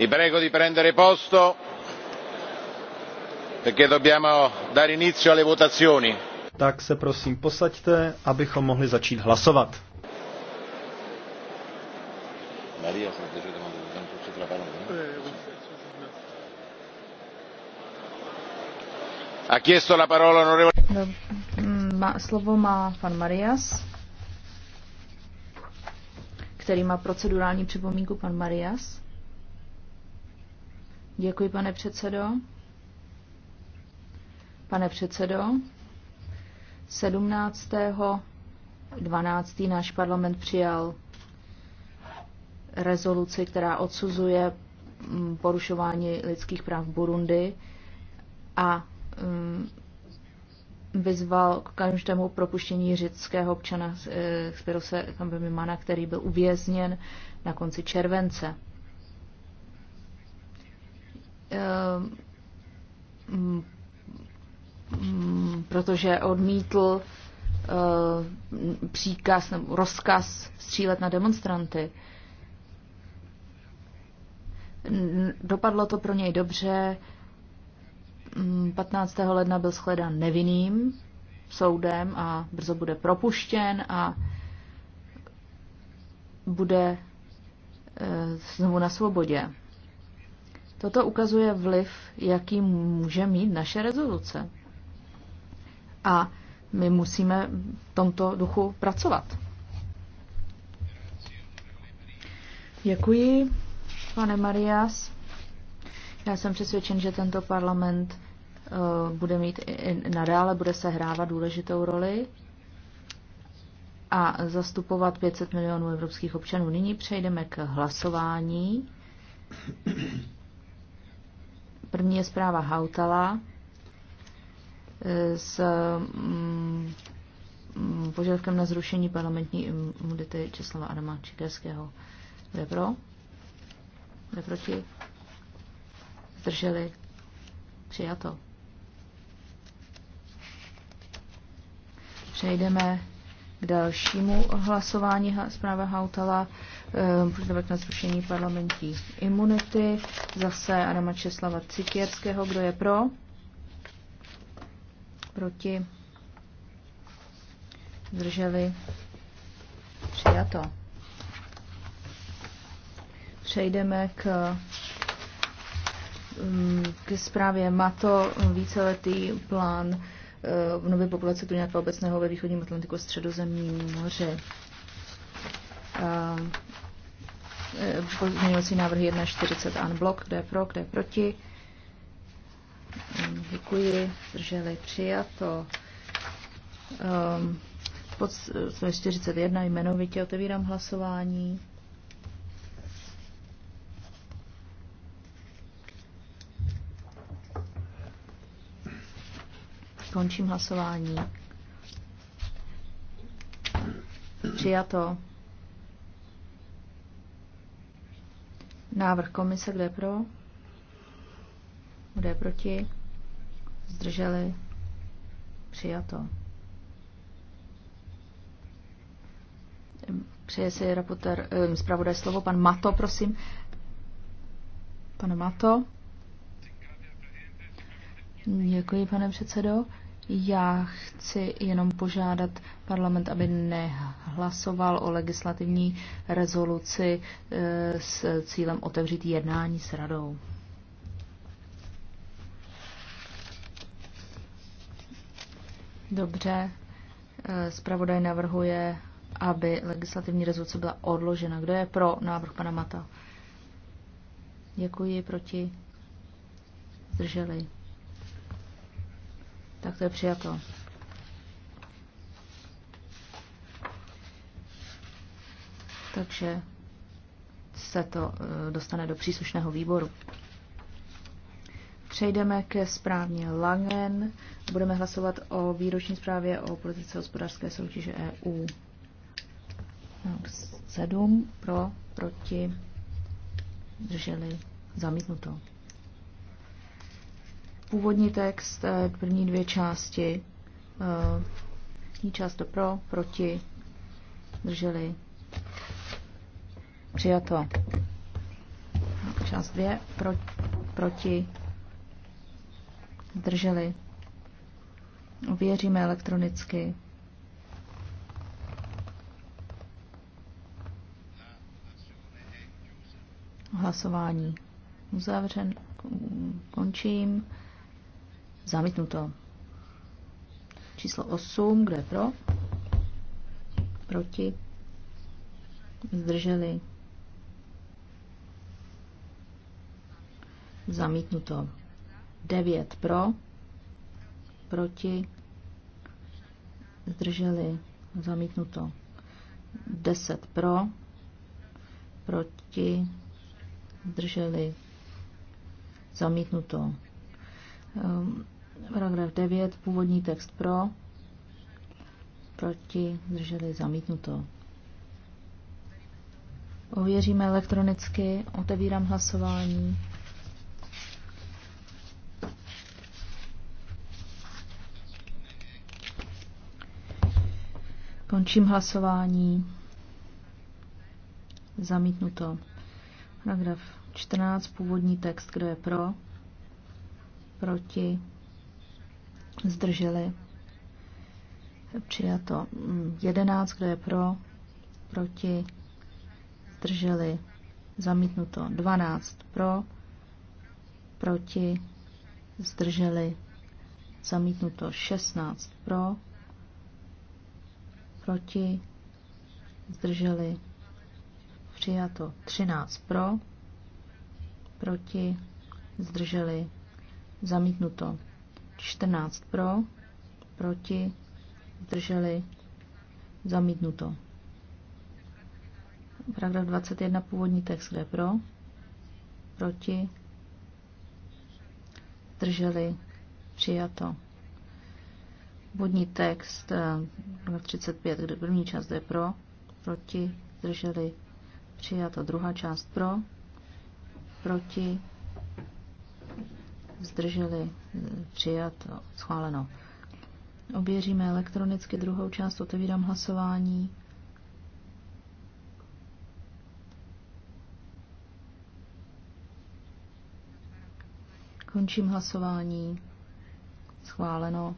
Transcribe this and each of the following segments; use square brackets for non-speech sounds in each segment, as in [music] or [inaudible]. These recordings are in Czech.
vi prego di prendere posto perché dobbiamo dare inizio alle votazioni. Tak se prosím posaďte, abychom mohli začít hlasovat. Maria, no? ha chiesto la parola onorevole. No, ma mm, slovo má pan Marias, který má procedurální připomínku pan Marias. Děkuji, pane předsedo. Pane předsedo, 17. 12. náš parlament přijal rezoluci, která odsuzuje mm, porušování lidských práv v Burundi a mm, vyzval k každému propuštění řeckého občana Spirose eh, Kambemimana, který byl uvězněn na konci července. Ehm, mm, protože odmítl ehm, příkaz nebo rozkaz střílet na demonstranty. Dopadlo to pro něj dobře. 15. Ehm, ledna byl shledán nevinným soudem a brzo bude propuštěn a bude znovu na svobodě. Toto ukazuje vliv, jaký může mít naše rezoluce. A my musíme v tomto duchu pracovat. Děkuji, pane Marias. Já jsem přesvědčen, že tento parlament eh, bude mít i nadále, bude se hrávat důležitou roli a zastupovat 500 milionů evropských občanů. Nyní přejdeme k hlasování. První je zpráva Hautala e, s mm, mm, požadavkem na zrušení parlamentní imunity Česlava Adama Čikerského. Kdo je pro? Kdo je proti? Zdrželi? Přijato. Přejdeme k dalšímu hlasování zpráva Hautala, požadavek eh, na zrušení parlamentní imunity, zase Adama Česlava Cikierského, kdo je pro, proti, zdrželi, přijato. Přejdeme k mm, k zprávě MATO víceletý plán v nové populace nějakého obecného ve východním Atlantiku a středozemním moře. E, pozměňovací návrhy 1.40 unblock, kde je pro, kde je proti. Mm, děkuji, drželi přijato. Ehm, pod 41 jmenovitě otevírám hlasování. Končím hlasování. Přijato. Návrh komise, kde pro? Kde proti? Zdrželi? Přijato. Přeje si raportér, eh, zpravodaj slovo, pan Mato, prosím. Pane Mato. Děkuji, pane předsedo. Já chci jenom požádat parlament, aby nehlasoval o legislativní rezoluci e, s cílem otevřít jednání s radou. Dobře. E, zpravodaj navrhuje, aby legislativní rezoluce byla odložena. Kdo je pro návrh pana Mata? Děkuji, proti? Zdrželi. Tak to je přijato. Takže se to eh, dostane do příslušného výboru. Přejdeme ke správně Langen. Budeme hlasovat o výroční zprávě o politice hospodářské soutěže EU. 7 no, pro, proti, drželi zamítnuto. Původní text, eh, první dvě části, eh, první část to pro, proti, drželi, přijato. Část dvě, pro, proti, drželi, věříme elektronicky. Hlasování uzavřen, končím. Zamítnuto. Číslo 8, kdo je pro? Proti? Zdrželi? Zamítnuto. 9 pro? Proti? Zdrželi? Zamítnuto. 10 pro? Proti? Zdrželi? Zamítnuto. Ehm, paragraf 9, původní text pro, proti, zdrželi zamítnuto. Ověříme elektronicky, otevírám hlasování. Končím hlasování. Zamítnuto. Paragraf 14, původní text, kdo je pro? proti, zdrželi, přijato 11, kdo je pro, proti, zdrželi, zamítnuto 12 pro, proti, zdrželi, zamítnuto 16 pro, proti, zdrželi, přijato 13 pro, proti, zdrželi, Zamítnuto. 14 pro, proti, zdrželi, zamítnuto. Paragraf 21, původní text, kde pro, proti, zdrželi, přijato. Původní text, eh, paragraf 35, kde první část, kde pro, proti, zdrželi, přijato. Druhá část pro, proti, zdrželi, hm, přijat, schváleno. Oběříme elektronicky druhou část, otevírám hlasování. Končím hlasování. Schváleno.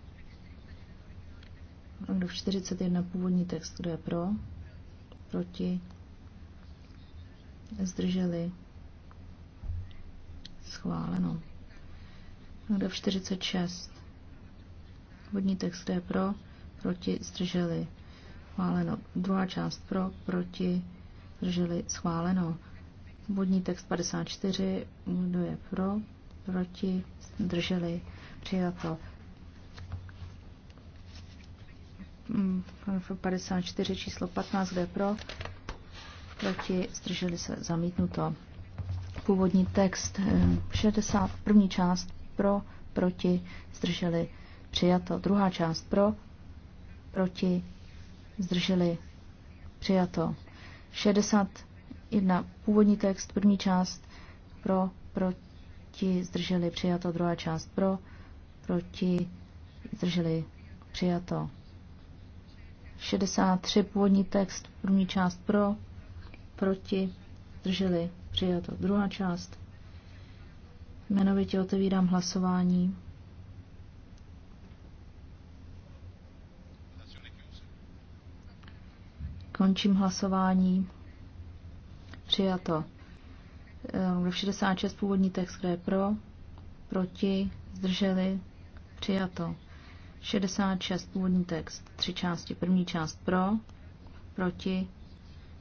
Kdo 41, původní text, kdo je pro, proti, zdrželi. Schváleno. Kde 46. Vodní text, je pro, proti, zdrželi. Schváleno. Druhá část pro, proti, zdrželi. Schváleno. Vodní text 54. Kdo je pro, proti, zdrželi. Přijato. 54 hmm, číslo 15, kde pro, proti, zdrželi se zamítnuto. Původní text, 60, eh, první část pro, proti, zdrželi, přijato. Druhá část pro, proti, zdrželi, přijato. 61. Původní text, první část pro, proti, zdrželi, přijato. Druhá část pro, proti, zdrželi, přijato. 63. Původní text, první část pro, proti, zdrželi, přijato. Druhá část Jmenovitě otevírám hlasování. Končím hlasování. Přijato. 66 ehm, původní text, kde je pro, proti, zdrželi, přijato. 66 původní text, tři části. První část pro, proti,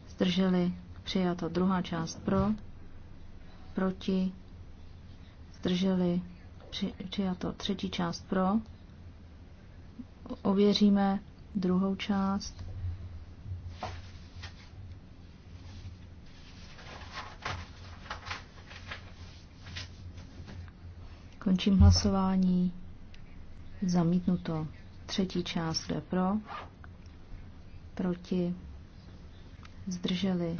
zdrželi, přijato. Druhá část pro, proti, zdrželi, při, přijato třetí část pro. Ověříme druhou část. Končím hlasování. Zamítnuto. Třetí část je pro. Proti. Zdrželi.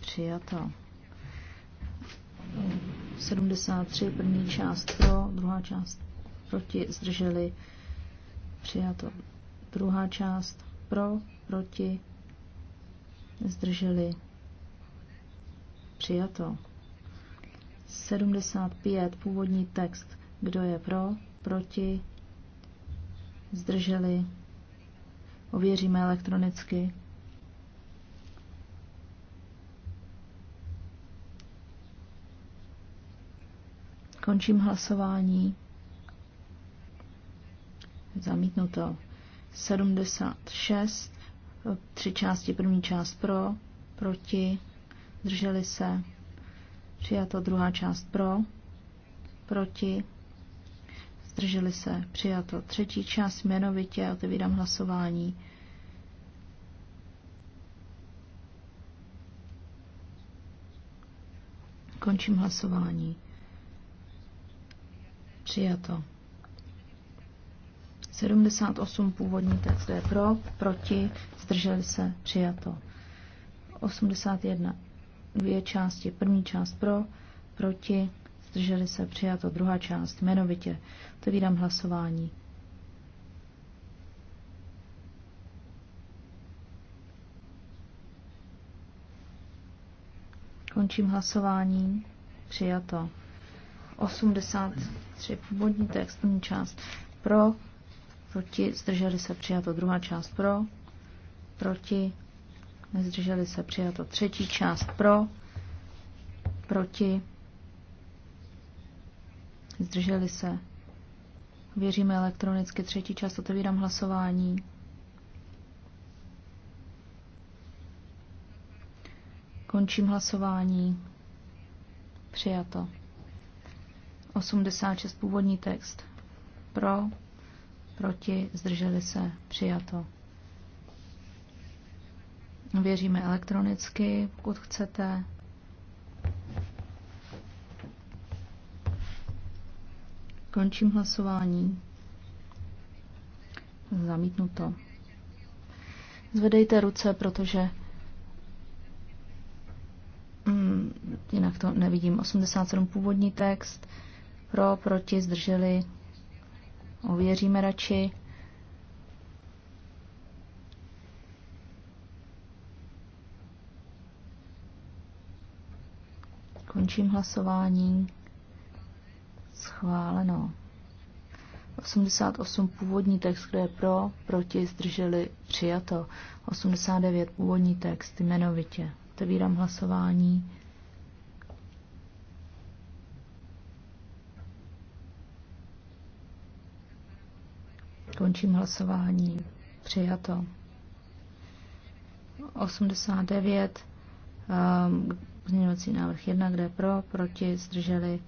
Přijato. 73, první část pro, druhá část proti, zdrželi, přijato. Druhá část pro, proti, zdrželi, přijato. 75, původní text, kdo je pro, proti, zdrželi, ověříme elektronicky. Končím hlasování. Zamítnuto. 76. Tři části. První část pro, proti, drželi se. Přijato druhá část pro, proti, zdrželi se. Přijato třetí část jmenovitě. Otevírám hlasování. Končím hlasování. Přijato. 78 původní text je pro, proti, zdrželi se, přijato. 81 dvě části. První část pro, proti, zdrželi se, přijato. Druhá část jmenovitě. vydám hlasování. Končím hlasování. Přijato. 83 původní text, první část pro, proti, zdrželi se přijato druhá část pro, proti, nezdrželi se přijato třetí část pro, proti, zdrželi se. Věříme elektronicky třetí část, otevírám hlasování. Končím hlasování. Přijato. 86 původní text. Pro, proti, zdrželi se, přijato. Věříme elektronicky, pokud chcete. Končím hlasování. zamítnu to Zvedejte ruce, protože mm, jinak to nevidím. 87 původní text. Pro, proti, zdrželi. Ověříme radši. Končím hlasování. Schváleno. 88 původní text, kde je pro, proti, zdrželi, přijato. 89 původní text, jmenovitě. Otevírám hlasování. Končím hlasování. Přijato. 89. Ehm, pozměňovací návrh 1, kde pro, proti, zdrželi.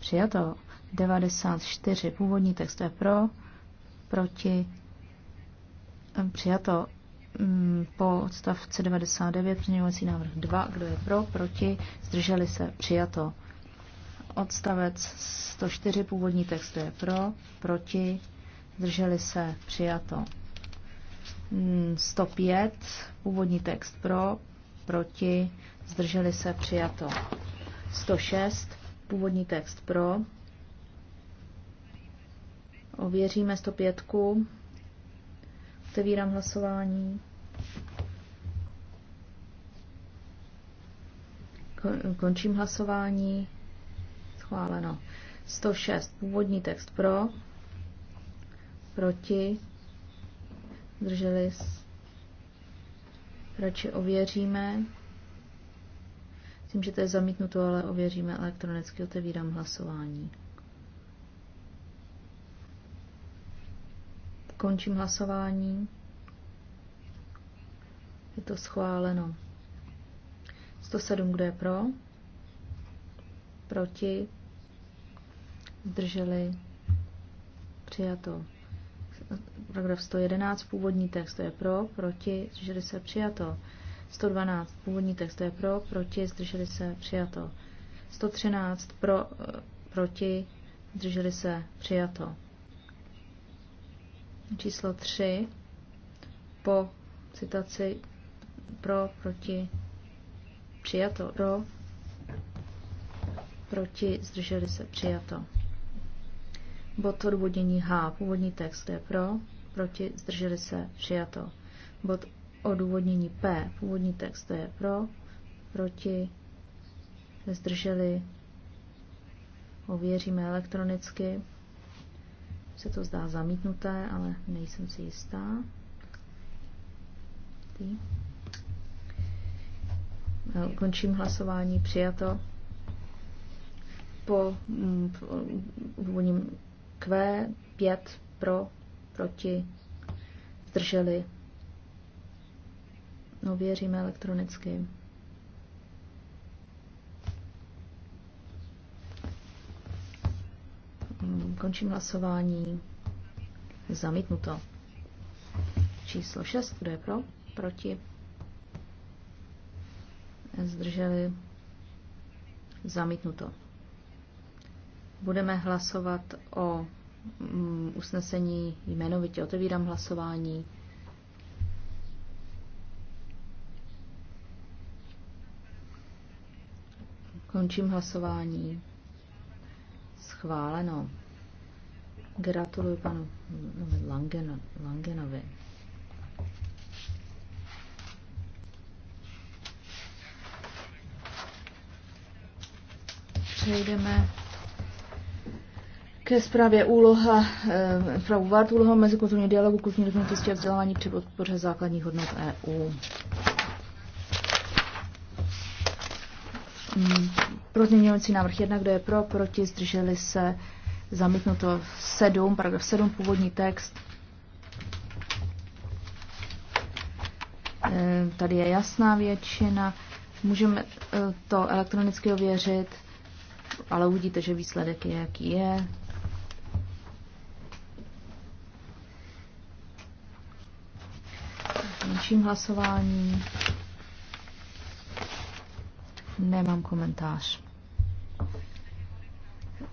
Přijato. 94. Původní text je pro, proti, ehm, přijato mm, po odstavci 99 pozměňovací návrh 2, kdo je pro, proti, zdrželi se, přijato. Odstavec 104 původní text je pro, proti, zdrželi se, přijato. 105, mm, původní text pro, proti, zdrželi se, přijato. 106, původní text pro, ověříme 105, otevírám hlasování. Končím hlasování. Schváleno. 106. Původní text pro proti, zdrželi radši ověříme. Myslím, že to je zamítnuto, ale ověříme elektronicky. Otevírám hlasování. Končím hlasování. Je to schváleno. 107, kdo je pro? Proti? Zdrželi? Přijato. Paragraf 111, původní text je pro, proti, zdrželi se přijato. 112, původní text je pro, proti, zdrželi se přijato. 113, pro, eh, proti, zdrželi se přijato. Číslo 3, po citaci pro, proti, přijato, pro, proti, zdrželi se přijato. Bod odvodnění H, původní text je pro, proti, zdrželi se, přijato. Bod odůvodnění P, původní text, to je pro, proti, zdrželi, ověříme elektronicky. Se to zdá zamítnuté, ale nejsem si jistá. Ty. Eh, končím hlasování, přijato. Po úvodním mm, mm, Q5 pro proti, zdrželi. No, věříme elektronicky. Končím hlasování. Zamítnuto. Číslo 6, kdo je pro? Proti. Zdrželi. Zamítnuto. Budeme hlasovat o Mm, usnesení jmenovitě. Otevírám hlasování. Končím hlasování. Schváleno. Gratuluji panu Langeno, Langenovi. Přejdeme ke zprávě úloha, e, eh, pravovat úloha mezikulturního dialogu, kulturní rozmanitosti a vzdělávání při podpoře základních hodnot EU. Mm, Prozměňovací návrh 1, kdo je pro, proti, zdrželi se, zamítnuto 7, paragraf 7, původní text. E, tady je jasná většina, můžeme eh, to elektronicky ověřit ale uvidíte, že výsledek je, jaký je. dalším hlasování. Nemám komentář.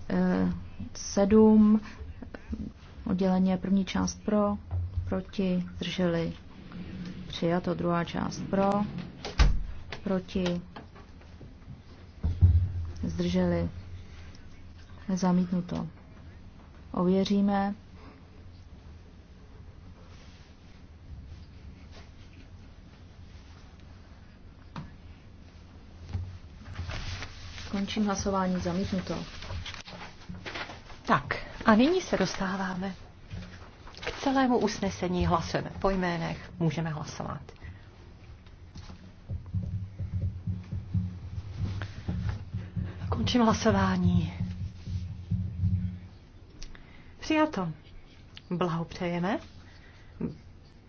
E, sedm. Odděleně první část pro, proti, zdrželi. Přijato druhá část pro, proti, zdrželi. Zamítnuto. Ověříme. Končím hlasování zamítnuto. Tak a nyní se dostáváme k celému usnesení hlasujeme po jménech, můžeme hlasovat. Končím hlasování. Přijato. Blahopřejeme.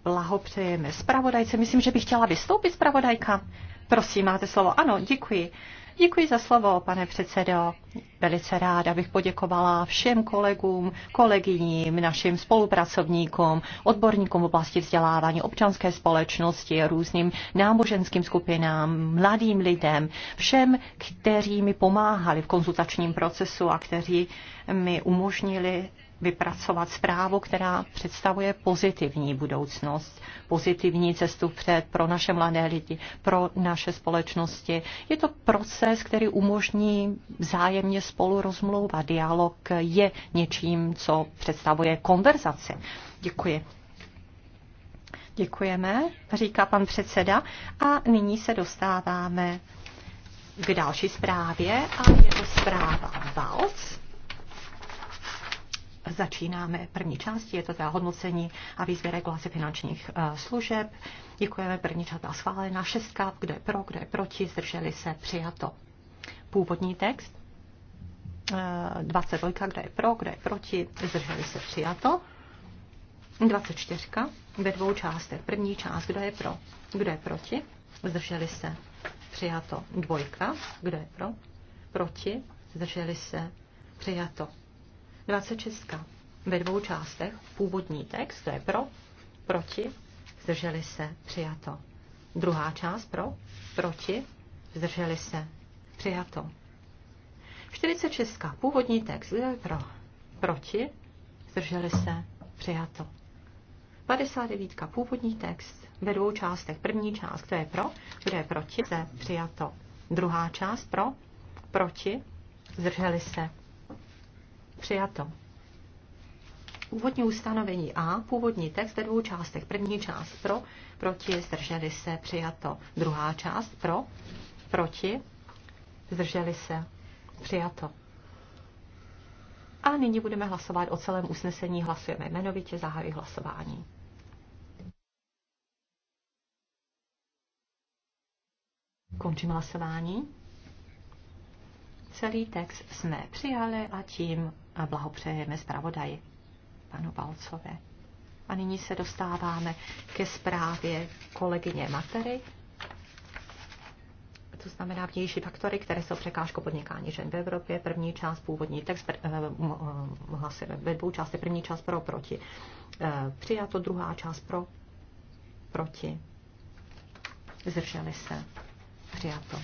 Blahopřejeme. Spravodajce, myslím, že bych chtěla vystoupit, spravodajka. Prosím, máte slovo. Ano, děkuji. Děkuji za slovo, pane předsedo. Velice ráda bych poděkovala všem kolegům, kolegyním, našim spolupracovníkům, odborníkům v oblasti vzdělávání, občanské společnosti, různým náboženským skupinám, mladým lidem, všem, kteří mi pomáhali v konzultačním procesu a kteří mi umožnili vypracovat zprávu, která představuje pozitivní budoucnost, pozitivní cestu před pro naše mladé lidi, pro naše společnosti. Je to proces, který umožní vzájemně spolu rozmlouvat. Dialog je něčím, co představuje konverzaci. Děkuji. Děkujeme, říká pan předseda. A nyní se dostáváme k další zprávě a je to zpráva Valc začínáme první části, je to teda hodnocení a výzvy regulace finančních eh, služeb. Děkujeme, první část byla schválená, šestka, kdo je pro, kdo je proti, zdrželi se, přijato. Původní text, 22, eh, kdo je pro, kdo je proti, zdrželi se, přijato. 24 ve dvou částech. První část, kdo je pro, kdo je proti, zdrželi se, přijato. Dvojka, kdo je pro, proti, zdrželi se, přijato. 26. Ve dvou částech původní text, to je pro, proti, zdrželi se, přijato. Druhá část pro, proti, zdrželi se, přijato. 46. Původní text, kdo je pro, proti, zdrželi se, přijato. 59. Původní text ve dvou částech. První část, to je pro, kde je proti, se přijato. Druhá část pro, proti, zdrželi se, Přijato. Původní ustanovení A, původní text ve dvou částech. První část pro, proti, zdrželi se, přijato. Druhá část pro, proti, zdrželi se, přijato. A nyní budeme hlasovat o celém usnesení. Hlasujeme jmenovitě, zahájí hlasování. Končím hlasování. Celý text jsme přijali a tím a blahopřejeme zpravodaji panu Balcové. A nyní se dostáváme ke zprávě kolegyně Matery, to znamená vnější faktory, které jsou překážkou podnikání žen v Evropě. První část, původní text, eh, se ve dvou části. První část pro, proti. Eh, přijato, druhá část pro, proti. Zdrželi se. Přijato.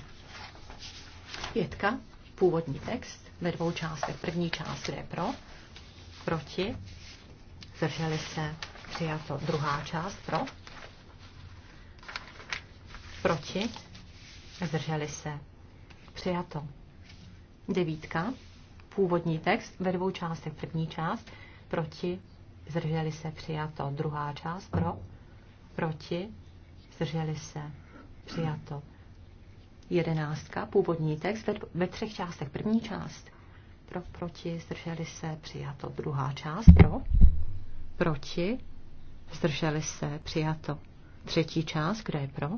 Pětka, původní text ve dvou částech. První část, je pro, proti, zdrželi se, přijato. Druhá část, pro, proti, zdrželi se, přijato. Devítka, původní text ve dvou částech. První část, proti, zdrželi se, přijato. Druhá část, pro, proti, zdrželi se, přijato. Jedenáctka, původní text ve, ve třech částech. První část pro, proti, zdrželi se, přijato. Druhá část pro, proti, zdrželi se, přijato. Třetí část, kde je pro,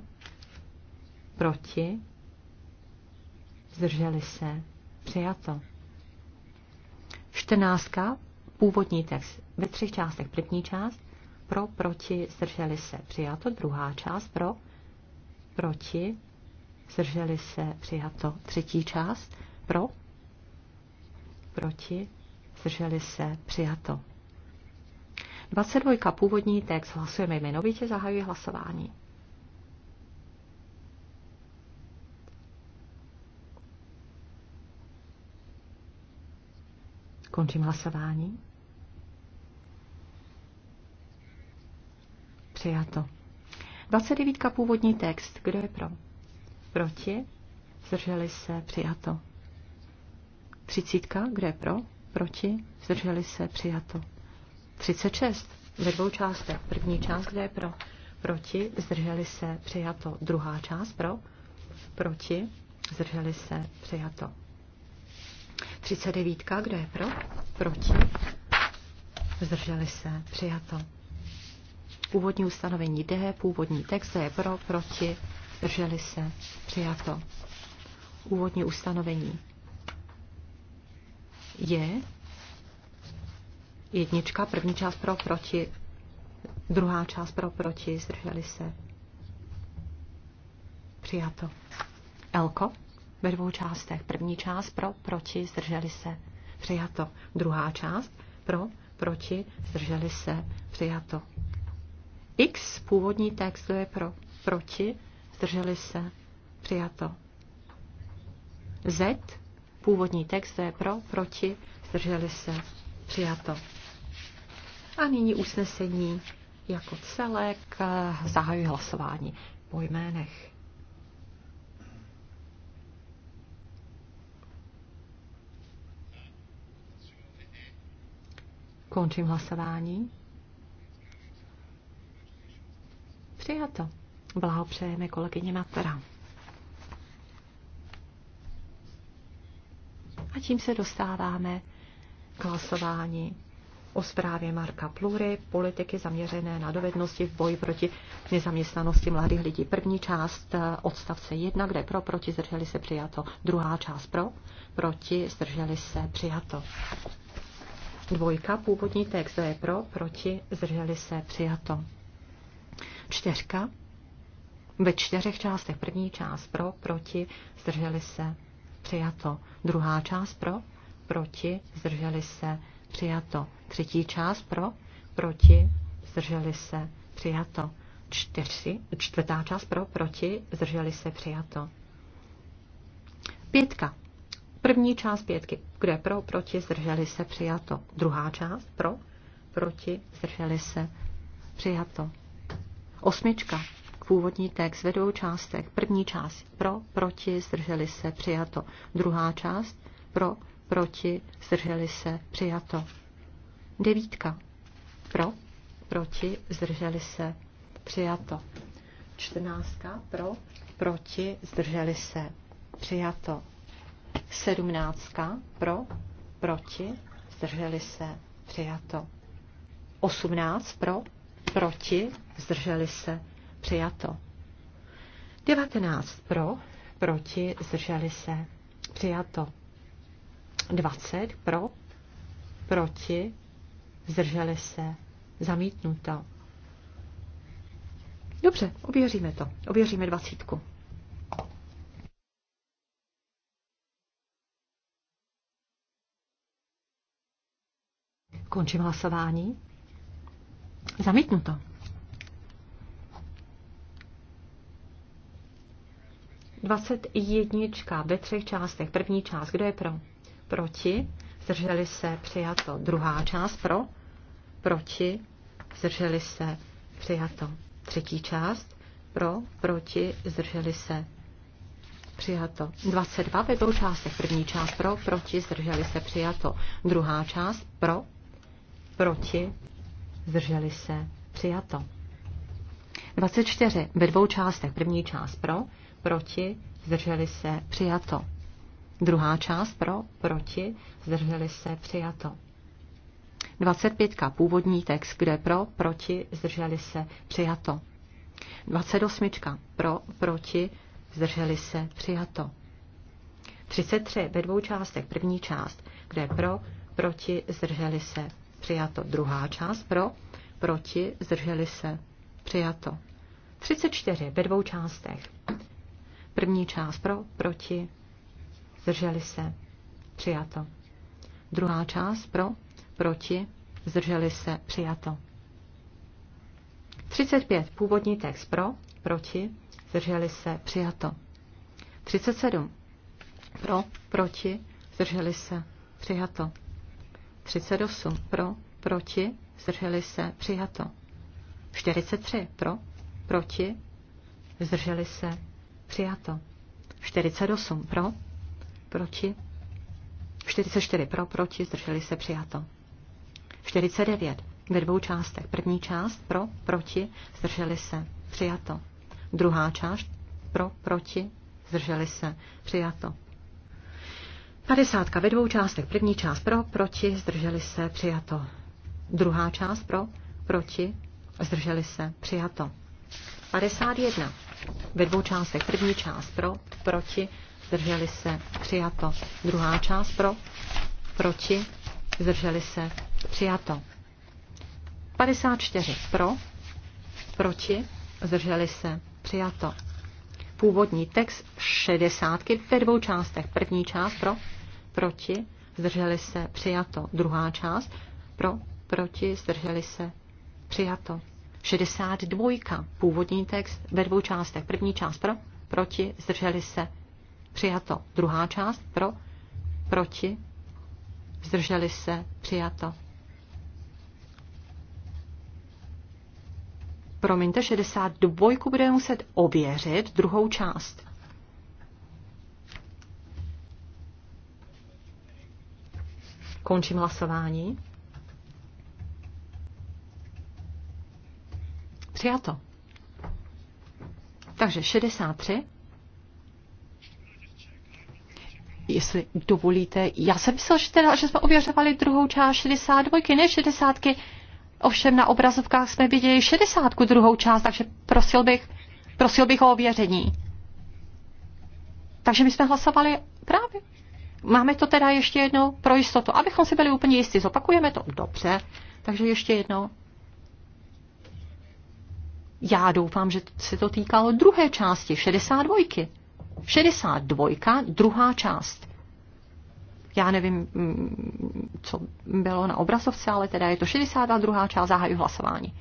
proti, zdrželi se, přijato. Čtrnáctka, původní text ve třech částech. První část pro, proti, zdrželi se, přijato. Druhá část pro, proti, zdrželi se, přijato. Třetí část pro, proti, zdrželi se, přijato. 22. Původní text. Hlasujeme jmenovitě, zahajuji hlasování. Končím hlasování. Přijato. 29. Původní text. Kdo je pro? Proti? Zdrželi se. Přijato. Třicítka, kde je pro? Proti? Zdrželi se? Přijato. 36. Ve dvou částech. První část, kde je pro? Proti? Zdrželi se? Přijato. Druhá část pro? Proti? Zdrželi se? Přijato. 39. kde je pro? Proti? Zdrželi se? Přijato. Původní ustanovení D, původní text kde je pro, proti, zdrželi se, přijato. Úvodní ustanovení je jednička, první část pro, proti, druhá část pro, proti, zdrželi se. Přijato. Elko ve dvou částech. První část pro, proti, zdrželi se. Přijato. Druhá část pro, proti, zdrželi se. Přijato. X, původní text, to je pro, proti, zdrželi se. Přijato. Z, Původní text je pro, proti, zdrželi se, přijato. A nyní usnesení jako celek eh, zahajuji hlasování po jménech. Končím hlasování. Přijato. Blahopřejeme kolegyně Matera. A tím se dostáváme k hlasování o zprávě Marka Plury, politiky zaměřené na dovednosti v boji proti nezaměstnanosti mladých lidí. První část eh, odstavce 1, kde pro, proti, zdrželi se přijato. Druhá část pro, proti, zdrželi se přijato. Dvojka, původní text, je pro, proti, zdrželi se přijato. Čtyřka, ve čtyřech částech. První část pro, proti, zdrželi se přijato. Druhá část pro, proti, zdrželi se, přijato. Třetí část pro, proti, zdrželi se, přijato. Čtyři, čtvrtá část pro, proti, zdrželi se, přijato. Pětka. První část pětky. Kde pro, proti, zdrželi se, přijato. Druhá část pro, proti, zdrželi se, přijato. Osmička původní text ve dvou částech. První část pro, proti, zdrželi se, přijato. Druhá část pro, proti, zdrželi se, přijato. Devítka. Pro, proti, zdrželi se, přijato. Čtrnáctka. Pro, proti, zdrželi se, přijato. Sedmnáctka. Pro, proti, zdrželi se, přijato. Osmnáct. Pro, proti, zdrželi se, Přijato. 19 pro, proti, zdrželi se. Přijato. 20 pro, proti, zdrželi se. Zamítnuto. Dobře, ověříme to. Ověříme dvacítku. Končím hlasování. Zamítnuto. 21 ve třech částech. První část, kdo je pro? Proti. Zdrželi se přijato. Druhá část pro? Proti. Zdrželi se přijato. Třetí část pro? Proti. Zdrželi se přijato. 22 ve dvou částech. První část pro? Proti. Zdrželi se přijato. Druhá část pro? Proti. Zdrželi se přijato. 24 ve dvou částech. První část pro? proti, zdrželi se, přijato. Druhá část pro, proti, zdrželi se, přijato. 25. Původní text, kde pro, proti, zdrželi se, přijato. 28. Pro, proti, zdrželi se, přijato. 33. Ve dvou částech. První část, kde pro, proti, zdrželi se, přijato. Druhá část pro, proti, zdrželi se, přijato. 34. Ve dvou částech. První část pro, proti, zdrželi se, přijato. Druhá část pro, proti, zdrželi se, přijato. 35. Původní text pro, proti, zdrželi se, přijato. 37. Pro, proti, zdrželi se, přijato. 38. Pro, proti, zdrželi se, přijato. 43. Pro, proti, zdrželi se, Přijato. 48 pro, proti. 44 pro, proti, zdrželi se přijato. 49 ve dvou částech. První část pro, proti, zdrželi se přijato. Druhá část pro, proti, zdrželi se přijato. 50 ve dvou částech. První část pro, proti, zdrželi se přijato. Druhá část pro, proti, zdrželi se přijato. 51 ve dvou částech. První část pro, proti, zdrželi se, přijato. Druhá část pro, proti, zdrželi se, přijato. 54 pro, proti, zdrželi se, přijato. Původní text 60 ve dvou částech. První část pro, proti, zdrželi se, přijato. Druhá část pro, proti, zdrželi se, přijato. 62. Původní text ve dvou částech. První část pro, proti, zdrželi se, přijato. Druhá část pro, proti, zdrželi se, přijato. Promiňte, 62 budeme muset ověřit druhou část. Končím hlasování. Přijato. Takže 63. Jestli dovolíte, já jsem myslel, že, teda, že jsme ověřovali druhou část 62, ne 60. Ovšem na obrazovkách jsme viděli 60 druhou část, takže prosil bych, prosil bych o ověření. Takže my jsme hlasovali právě. Máme to teda ještě jednou pro jistotu, abychom si byli úplně jistí. Zopakujeme to. Dobře, takže ještě jednou. Já doufám, že se to týkalo druhé části, 62. 62. druhá část. Já nevím, mm, co bylo na obrazovce, ale teda je to 62. druhá část, zahajuji hlasování.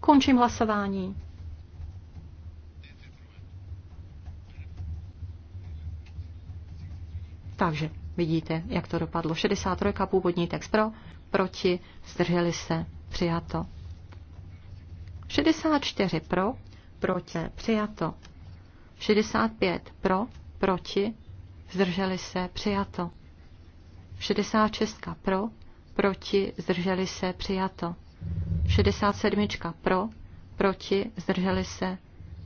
Končím hlasování. Takže vidíte, jak to dopadlo. 63. původní text pro, proti, zdrželi se, přijato. 64 pro, proti, přijato. 65 pro, proti, zdrželi se, přijato. 66 pro, proti, zdrželi se, přijato. 67 pro, proti, zdrželi se,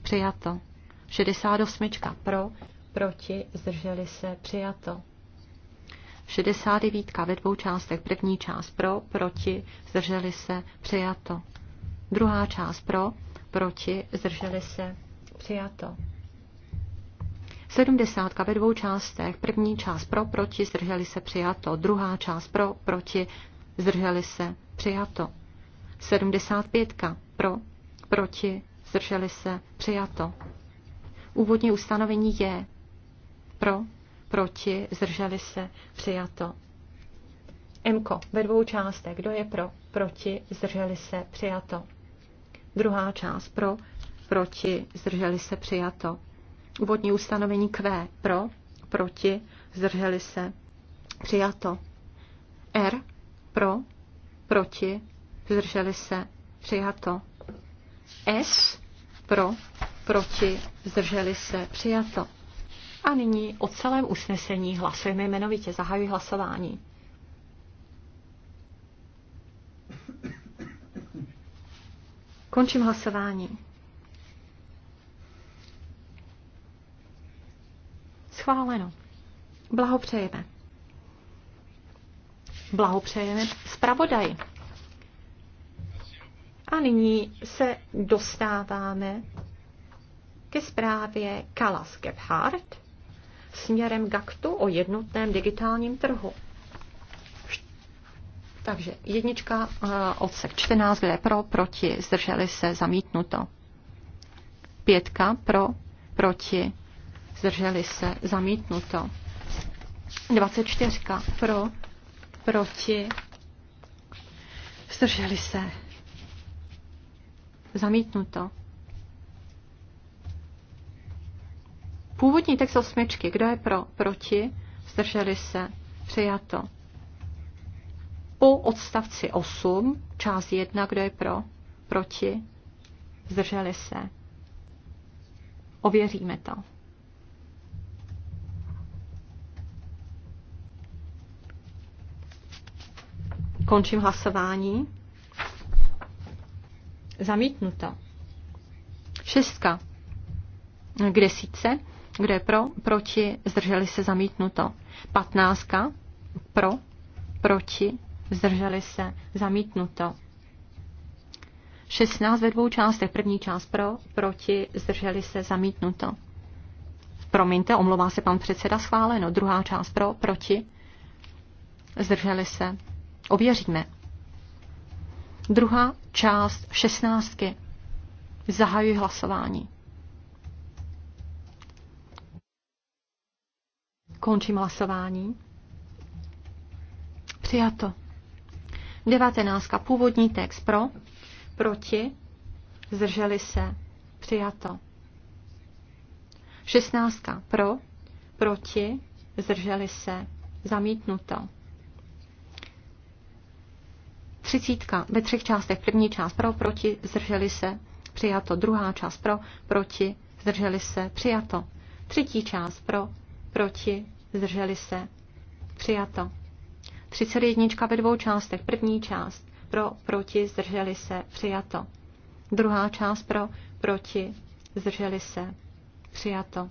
přijato. 68 pro, proti, zdrželi se, přijato. 69 ve dvou částech, první část pro, proti, zdrželi se, přijato. Druhá část pro, proti, zdrželi se, přijato. 70 ve dvou částech. První část pro, proti, zdrželi se, přijato. Druhá část pro, proti, zdrželi se, přijato. 75 pro, proti, zdrželi se, přijato. Úvodní ustanovení je pro, proti, zdrželi se, přijato. Mko ve dvou částech. Kdo je pro, proti, zdrželi se, přijato. Druhá část pro, proti, zdrželi se přijato. Úvodní ustanovení Q pro, proti, zdrželi se přijato. R pro, proti, zdrželi se přijato. S pro, proti, zdrželi se přijato. A nyní o celém usnesení hlasujeme jmenovitě. Zahajuji hlasování. Končím hlasování. Schváleno. Blahopřejeme. Blahopřejeme zpravodaji. A nyní se dostáváme ke zprávě Kalas Gebhardt směrem gaktu o jednotném digitálním trhu. Takže jednička, eh, odsek 14, kde je pro, proti, zdrželi se, zamítnuto. Pětka, pro, proti, zdrželi se, zamítnuto. 24, pro, proti, zdrželi se, zamítnuto. Původní text osmičky, kdo je pro, proti, zdrželi se, přijato po odstavci 8, část 1, kdo je pro, proti, zdrželi se. Ověříme to. Končím hlasování. Zamítnuto. Šestka. Kde sice? Kdo je pro? Proti. Zdrželi se zamítnuto. Patnáctka. Pro. Proti zdrželi se, zamítnuto. 16 ve dvou částech, první část pro, proti, zdrželi se, zamítnuto. Promiňte, omlouvá se pan předseda, schváleno. Druhá část pro, proti, zdrželi se. Ověříme. Druhá část šestnáctky. Zahajuji hlasování. Končím hlasování. Přijato. 19. Původní text pro, proti, zdrželi se, přijato. 16. Pro, proti, zdrželi se, zamítnuto. 30. Ve třech částech. První část pro, proti, zdrželi se, přijato. Druhá část pro, proti, zdrželi se, přijato. Třetí část pro, proti, zdrželi se, přijato. 31 ve dvou částech. První část pro, proti, zdrželi se, přijato. Druhá část pro, proti, zdrželi se, přijato.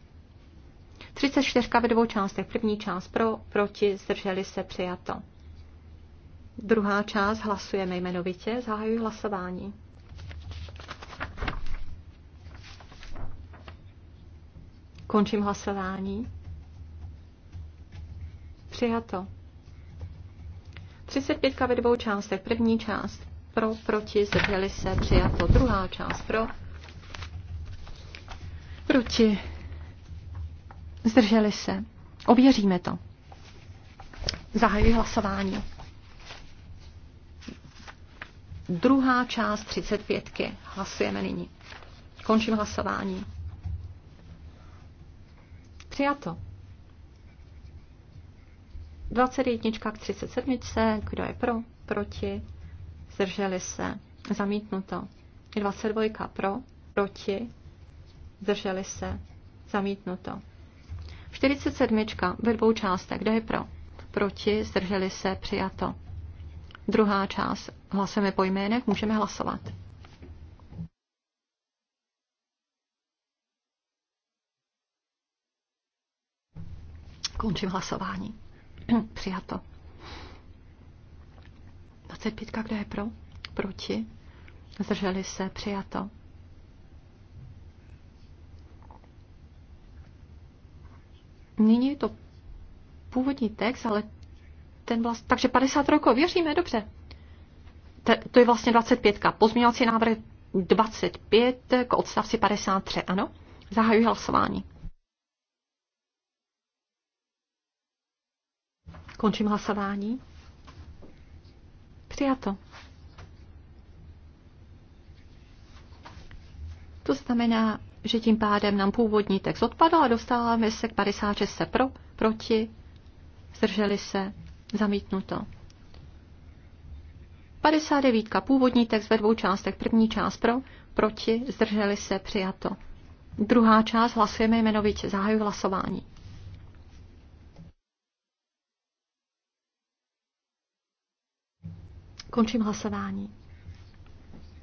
34 ve dvou částech. První část pro, proti, zdrželi se, přijato. Druhá část hlasujeme jmenovitě. Zahajuji hlasování. Končím hlasování. Přijato. 35 ve dvou částech. První část pro, proti, zdrželi se, přijato. Druhá část pro, proti, zdrželi se. Ověříme to. Zahajuji hlasování. Druhá část 35. -ky. Hlasujeme nyní. Končím hlasování. Přijato. 21 k 37, kdo je pro, proti, zdrželi se, zamítnuto. 22 pro, proti, zdrželi se, zamítnuto. 47 ve dvou částech, kdo je pro, proti, zdrželi se, přijato. Druhá část, hlasujeme po jménech, můžeme hlasovat. Končím hlasování. [clears throat] Přijato. 25. Kdo je pro? Proti? Zdrželi se? Přijato. Nyní je to původní text, ale ten vlastně... Takže 50 rokov, věříme, dobře. Te, to je vlastně 25. Pozměňovací návrh 25 k odstavci 53, ano? Zahajuji hlasování. Končím hlasování. Přijato. To znamená, že tím pádem nám původní text odpadl a dostáváme se k 56 se pro, proti, zdrželi se, zamítnuto. 59. Původní text ve dvou částech. První část pro, proti, zdrželi se, přijato. Druhá část hlasujeme jmenovitě. Zahajuji hlasování. Končím hlasování.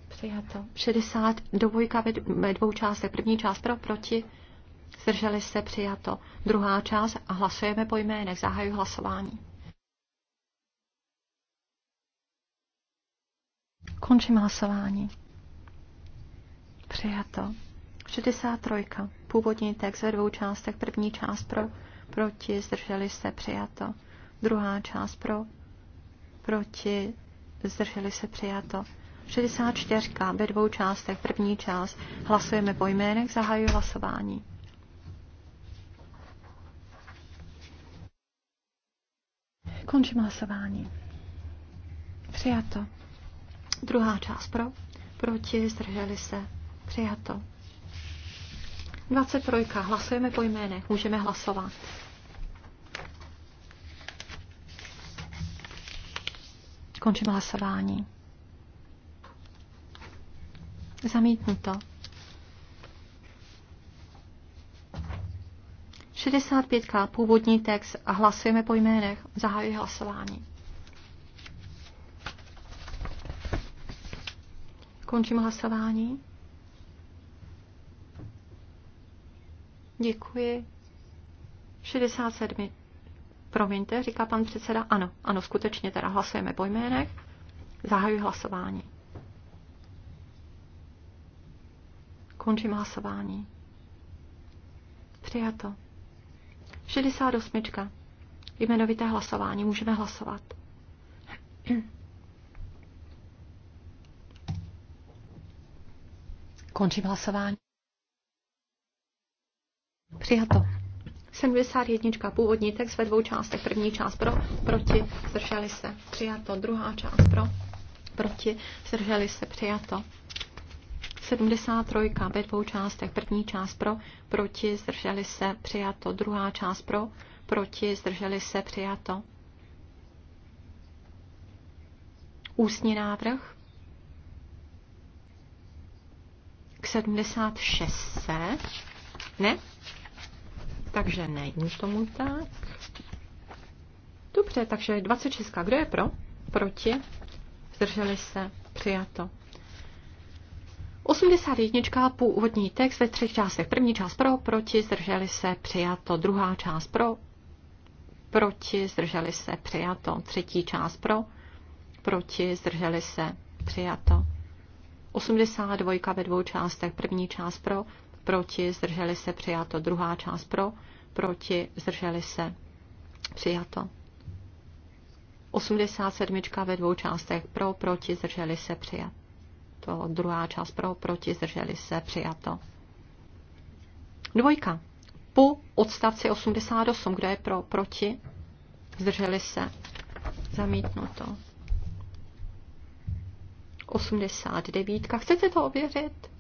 Přijato. 60 dvojka ve dvou částech. První část pro, proti. Zdrželi se přijato. Druhá část a hlasujeme po jménech. Zahajuji hlasování. Končím hlasování. Přijato. 63. Původní text ve dvou částech. První část pro, proti, zdrželi se, přijato. Druhá část pro, proti, zdrželi se přijato. 64 ve dvou částech, první část. Hlasujeme po jménech, zahajuji hlasování. Končím hlasování. Přijato. Druhá část pro, proti, zdrželi se. Přijato. 23. Hlasujeme po jménech, můžeme hlasovat. Končím hlasování. Zamítnuto. 65. Původní text a hlasujeme po jménech. Zahajuji hlasování. Končím hlasování. Děkuji. 67. Promiňte, říká pan předseda. Ano, ano, skutečně teda hlasujeme po jménech. Zahajuji hlasování. Končím hlasování. Přijato. 68. Jmenovité hlasování. Můžeme hlasovat. Končím hlasování. Přijato. 71. Původní text ve dvou částech. První část pro, proti, zdrželi se, přijato. Druhá část pro, proti, zdrželi se, přijato. 73. Ve dvou částech. První část pro, proti, zdrželi se, přijato. Druhá část pro, proti, zdrželi se, přijato. Ústní návrh k 76. Ne? Takže není tomu tak. Dobře, takže 26. Kdo je pro? Proti? Zdrželi se? Přijato. 81. Původní text ve třech částech. První část pro, proti, zdrželi se, přijato. Druhá část pro, proti, zdrželi se, přijato. Třetí část pro, proti, zdrželi se, přijato. 82 ve dvou částech. První část pro, proti, zdrželi se, přijato. Druhá část pro, proti, zdrželi se, přijato. 87 ve dvou částech pro, proti, zdrželi se, přijato. Druhá část pro, proti, zdrželi se, přijato. Dvojka. Po odstavci 88, kdo je pro, proti, zdrželi se, zamítnuto. 89. Chcete to ověřit?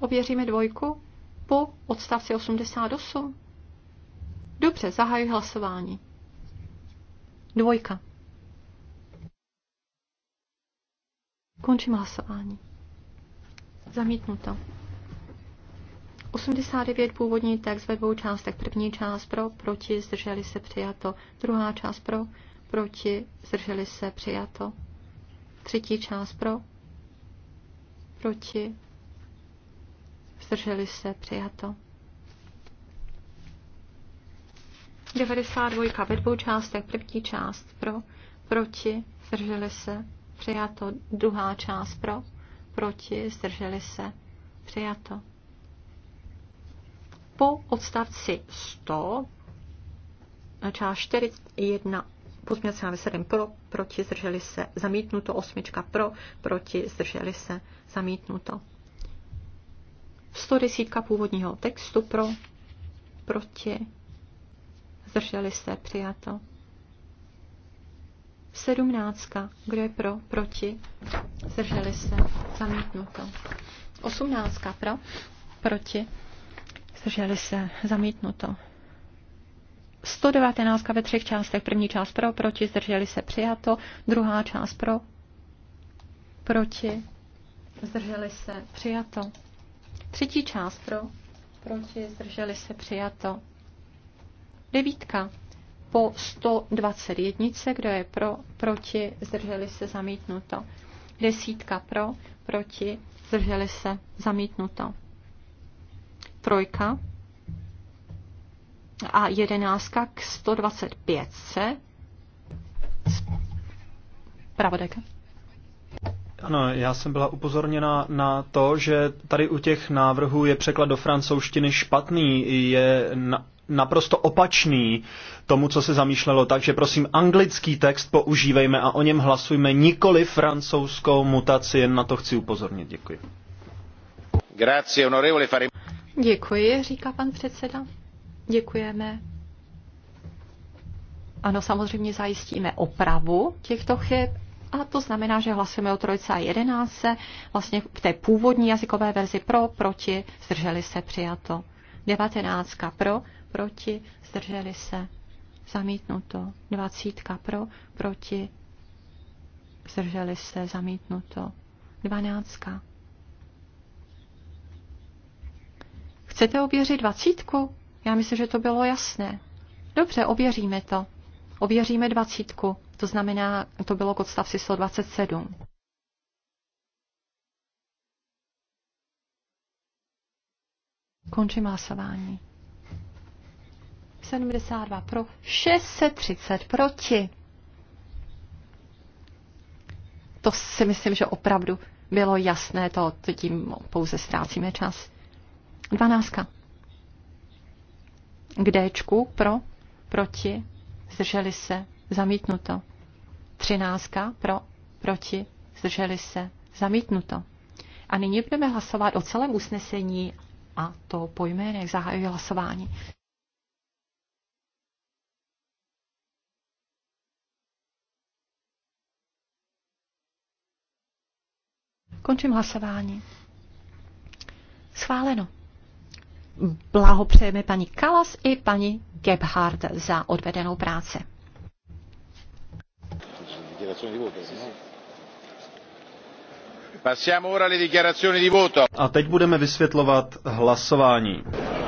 Ověříme dvojku? po odstavci 88. Dobře, zahajuji hlasování. Dvojka. Končím hlasování. Zamítnuto. 89 původní text ve dvou částech. První část pro, proti, zdrželi se přijato. Druhá část pro, proti, zdrželi se přijato. Třetí část pro, proti, zdrželi se, přijato. 92 ve dvou částech, první část pro, proti, zdrželi se, přijato, druhá část pro, proti, zdrželi se, přijato. Po odstavci 100, část 41, pozměnce na 7 pro, proti, zdrželi se, zamítnuto, osmička pro, proti, zdrželi se, zamítnuto. 110 původního textu pro, proti, zdrželi se, přijato. 17. Kdo je pro, proti, zdrželi se, zamítnuto. 18. Pro, proti, zdrželi se, zamítnuto. 119 ve třech částech. První část pro, proti, zdrželi se, přijato. Druhá část pro, proti, zdrželi se, přijato. Třetí část pro, proti, zdrželi se, přijato. Devítka po 121, kdo je pro, proti, zdrželi se, zamítnuto. Desítka pro, proti, zdrželi se, zamítnuto. Trojka a jedenáctka k 125 se. Pravodeka. Ano, já jsem byla upozorněna na to, že tady u těch návrhů je překlad do francouzštiny špatný, je na, naprosto opačný tomu, co se zamýšlelo. Takže prosím, anglický text používejme a o něm hlasujme nikoli francouzskou mutaci, jen na to chci upozornit. Děkuji. Grazie, onorevole Farim. Děkuji, říká pan předseda. Děkujeme. Ano, samozřejmě zajistíme opravu těchto chyb a to znamená, že hlasujeme o trojce a jedenáctce, vlastně v té původní jazykové verzi pro, proti, zdrželi se, přijato. Devatenáctka pro, proti, zdrželi se, zamítnuto. Dvacítka pro, proti, zdrželi se, zamítnuto. Dvanáctka. Chcete ověřit dvacítku? Já myslím, že to bylo jasné. Dobře, ověříme to. Ověříme dvacítku. To znamená, to bylo k odstavci 127. Končím hlasování. 72 pro, 630 proti. To si myslím, že opravdu bylo jasné, to tím pouze ztrácíme čas. Dvanáctka. K Dčku pro, proti, zdrželi se, zamítnuto. Třináctka pro, proti, zdrželi se, zamítnuto. A nyní budeme hlasovat o celém usnesení a to po jménech zahajuji hlasování. Končím hlasování. Schváleno. Blahopřejeme paní Kalas i paní Gebhard za odvedenou práci dichiarazioni di voto. No. Passiamo ora alle dichiarazioni di voto. A teď budeme vysvětlovat hlasování.